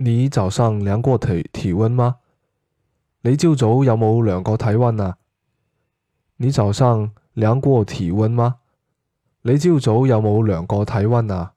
你早上量過體體溫嗎？你朝早有冇量過體溫啊？你早上量過體溫嗎？你朝早有冇量過體溫啊？